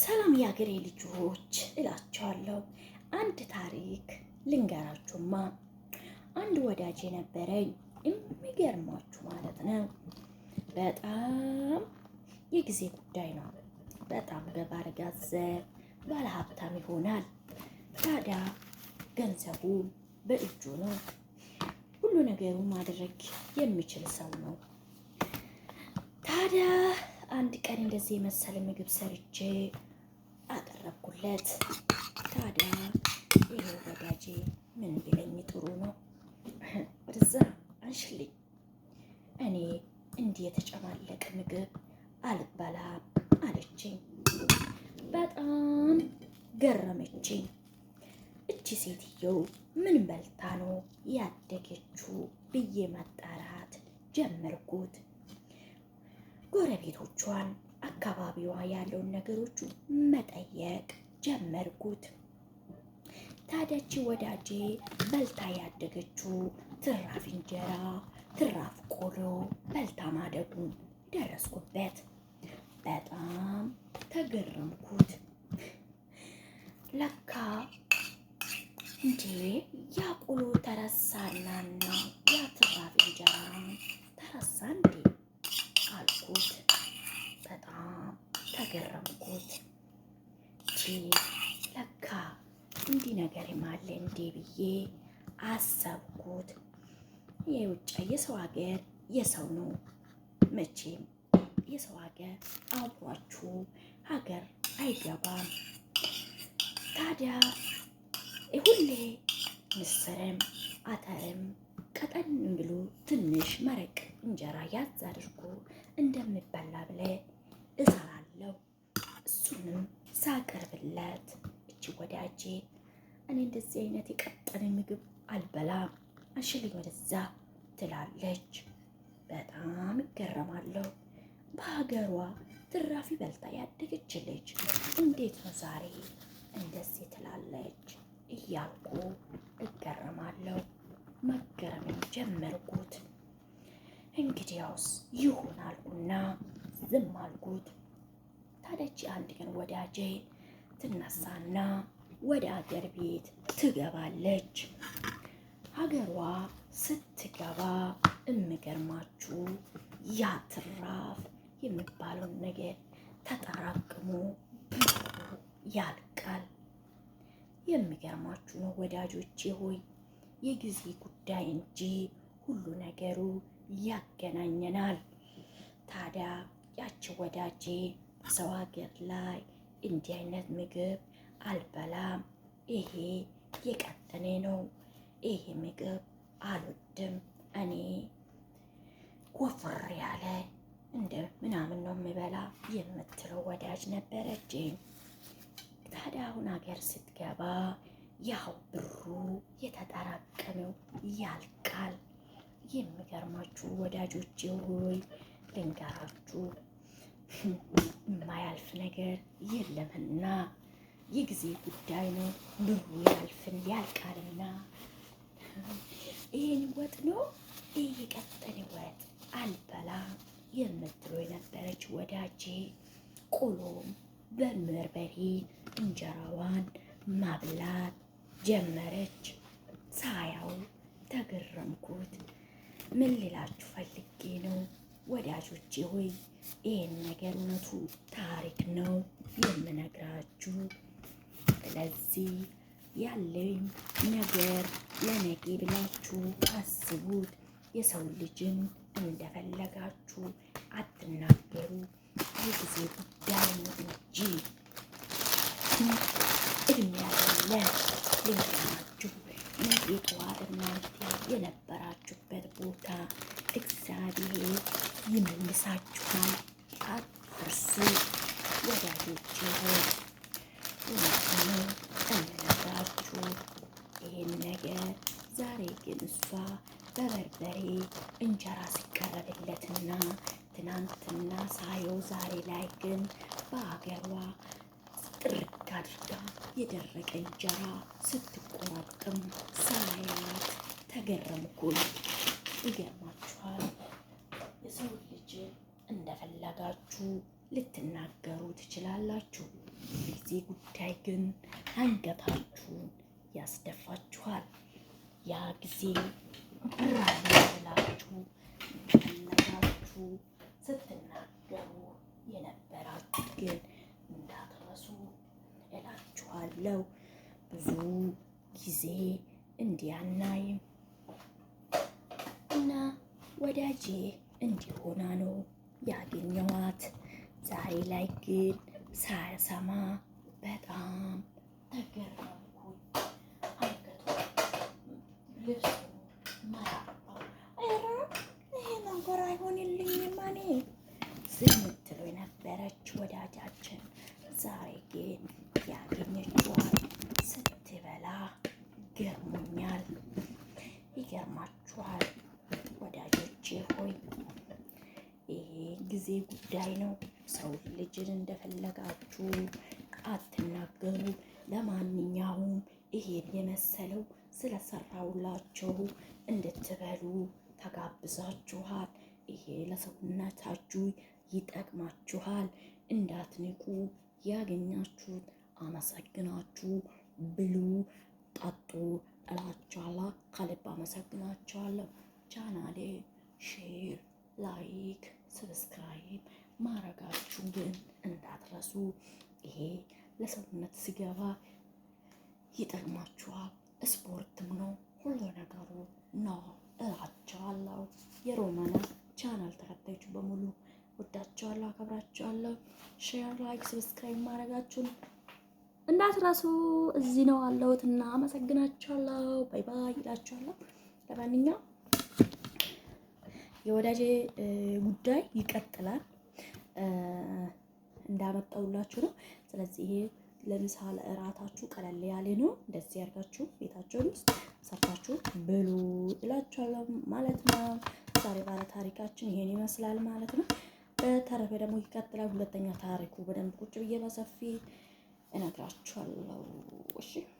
ሰላም የአገሬ ልጆች እላቸዋለሁ። አንድ ታሪክ ልንገራችሁማ። አንድ ወዳጅ የነበረኝ የሚገርማችሁ ማለት ነው። በጣም የጊዜ ጉዳይ ነው። በጣም በባለ ባለ ሀብታም ይሆናል። ታዲያ ገንዘቡ በእጁ ነው። ሁሉ ነገሩ ማድረግ የሚችል ሰው ነው። ታዲያ አንድ ቀን እንደዚህ የመሰለ ምግብ ሰርቼ አቀረብኩለት። ታዲያ ይሄ ወዳጄ ምን ቢለኝ ጥሩ ነው እዛ አንሽልኝ እኔ እንዲህ የተጨማለቀ ምግብ አልበላም አለችኝ። በጣም ገረመችኝ። እቺ ሴትየው ምን በልታ ነው ያደገችው ብዬ ማጣራት ጀመርኩት። ጎረቤቶቿን፣ አካባቢዋ ያለውን ነገሮቹ መጠየቅ ጀመርኩት። ታደች ወዳጄ በልታ ያደገችው ትራፍ እንጀራ፣ ትራፍ ቆሎ በልታ ማደጉን ደረስኩበት። በጣም ተገረምኩት። ለካ እንዴ ያ ቆሎ ብዬ አሰብኩት። የውጭ የሰው ሀገር የሰው ነው መቼም የሰው ሀገር አብሯችሁ ሀገር አይገባም። ታዲያ ሁሌ ምስርም አተርም ቀጠን ብሎ ትንሽ መረቅ እንጀራ ያዝ አድርጎ እንደምበላ ብለ እሰራለሁ። እሱንም ሳቀርብለት እጅ ወዳጄ እኔ እንደዚህ አይነት የቀጠነ ምግብ አልበላም፣ አንሽልኝ ወደዛ ትላለች። በጣም ይገረማለሁ። በሀገሯ ትራፊ በልታ ያደገች ልጅ እንዴት ነው ዛሬ እንደዚህ ትላለች እያልኩ እገረማለሁ። መገረምን ጀመርኩት። እንግዲያውስ ይሁን አልኩና ዝም አልኩት። ታደች አንድ ቀን ወዳጄ ትነሳና ወደ አገር ቤት ትገባለች። ሀገሯ ስትገባ እምገርማችሁ ያትራፍ የሚባለውን ነገር ተጠራቅሞ ያልቃል። የሚገርማችሁ ነው ወዳጆቼ ሆይ የጊዜ ጉዳይ እንጂ ሁሉ ነገሩ ያገናኘናል። ታዲያ ያቺ ወዳጄ በሰው ሀገር ላይ እንዲህ አይነት ምግብ አልበላም፣ ይሄ የቀጠኔ ነው፣ ይሄ ምግብ አልወድም፣ እኔ ወፍር ያለ እንደ ምናምን ነው የምበላ የምትለው ወዳጅ ነበረችኝ። ታዲያ አሁን ሀገር ስትገባ ያው ብሩ የተጠራቀመው ያልቃል። የሚገርማችሁ ወዳጆች ሆይ ልንገራችሁ፣ የማያልፍ ነገር የለምና የጊዜ ጉዳይ ነው። ብሩ ያልፍን ያልቃልና ይህን ወጥ ነው እየቀጠን ወጥ አልበላ የምትሎ የነበረች ወዳጄ ቆሎም በምርበሬ እንጀራዋን ማብላት ጀመረች። ሳያው ተገረምኩት። ምን ልላችሁ ፈልጌ ነው ወዳጆቼ ሆይ ይህን ነገር እውነቱ ታሪክ ነው የምነግራችሁ። ስለዚህ ያለኝ ነገር ለነቂ ብላችሁ አስቡት። የሰው ልጅን እንደፈለጋችሁ አትናገሩ። የጊዜ ጉዳይ ነው እንጂ እድሜ ያለ ልንገራችሁ፣ ነጌጧ እናንተ የነበራችሁበት ቦታ እግዚአብሔር ይመልሳችኋል። አትርሱ ወዳጆች ሆይ እነግራችሁ ይሄን ነገር ዛሬ ግን እሷ በበርበሬ እንጀራ ሲቀረብለትና ትናንትና ሳየው ዛሬ ላይ ግን በአገሯ ጥርግ አድርጋ የደረቀ እንጀራ ስትቆራጥም ሳያት ተገረምኩኝ። ይገርማችኋል። የሰው ልጅ እንደፈለጋችሁ ልትናገሩ ትችላላችሁ። ጊዜ ጉዳይ ግን አንገታችሁን ያስደፋችኋል። ያ ጊዜ ብራለ ብላችሁ መለታችሁ ስትናገሩ የነበራችሁ ግን እንዳትረሱ እላችኋለሁ። ብዙ ጊዜ እንዲያናይም እና ወዳጄ እንዲሆና ነው ያገኘዋት። ዛሬ ላይ ግን ሳሰማ በጣም ተገረምኩኝ። አንገቱ ልብሱ መራባ ይሄ ነገር አይሆንልኝም እኔ ስምትሎ የነበረች ወዳጃችን ዛሬ ግን ያገኘችዋል ስትበላ ገርሞኛል። ይገርማችኋል ወዳጆቼ ሆይ ይሄ ጊዜ ጉዳይ ነው። ሰው ልጅን እንደፈለጋችሁ አትናገሩ። ለማንኛውም ይሄን የመሰለው ስለሰራውላችሁ እንድትበሉ ተጋብዛችኋል። ይሄ ለሰውነታችሁ ይጠቅማችኋል። እንዳትንቁ። ያገኛችሁት አመሰግናችሁ ብሉ፣ ጠጡ እላችኋለሁ። ከልብ አመሰግናችኋለሁ። ቻናሌ ሼር፣ ላይክ፣ ሰብስክራይብ ማረጋችሁ ግን እንዳትረሱ። ይሄ ለሰውነት ሲገባ ይጠቅማችኋል። ስፖርትም ነው፣ ሁሉ ነገሩ ነው እላቸዋለሁ። የሮማና ቻናል ተከታዮች በሙሉ ወዳቸዋለሁ፣ አከብራቸዋለሁ። ሼር፣ ላይክ፣ ሰብስክራይብ ማድረጋችሁን እንዳትረሱ። እዚህ ነው አለሁት እና አመሰግናቸዋለሁ። ባይ ባይ ይላቸዋለሁ። ለማንኛውም የወዳጄ ጉዳይ ይቀጥላል። እንዳመጣውላችሁ ነው። ስለዚህ ይሄ ለምሳሌ እራታችሁ ቀለል ያለ ነው። እንደዚህ ያርጋችሁ ቤታችሁን ውስጥ ሰርታችሁ ብሉ እላችኋለሁ ማለት ነው። ዛሬ ባለ ታሪካችን ይሄን ይመስላል ማለት ነው። በተረፈ ደግሞ ይቀጥላል ሁለተኛ ታሪኩ በደንብ ቁጭ ብዬ በሰፊ እነግራችኋለሁ። እሺ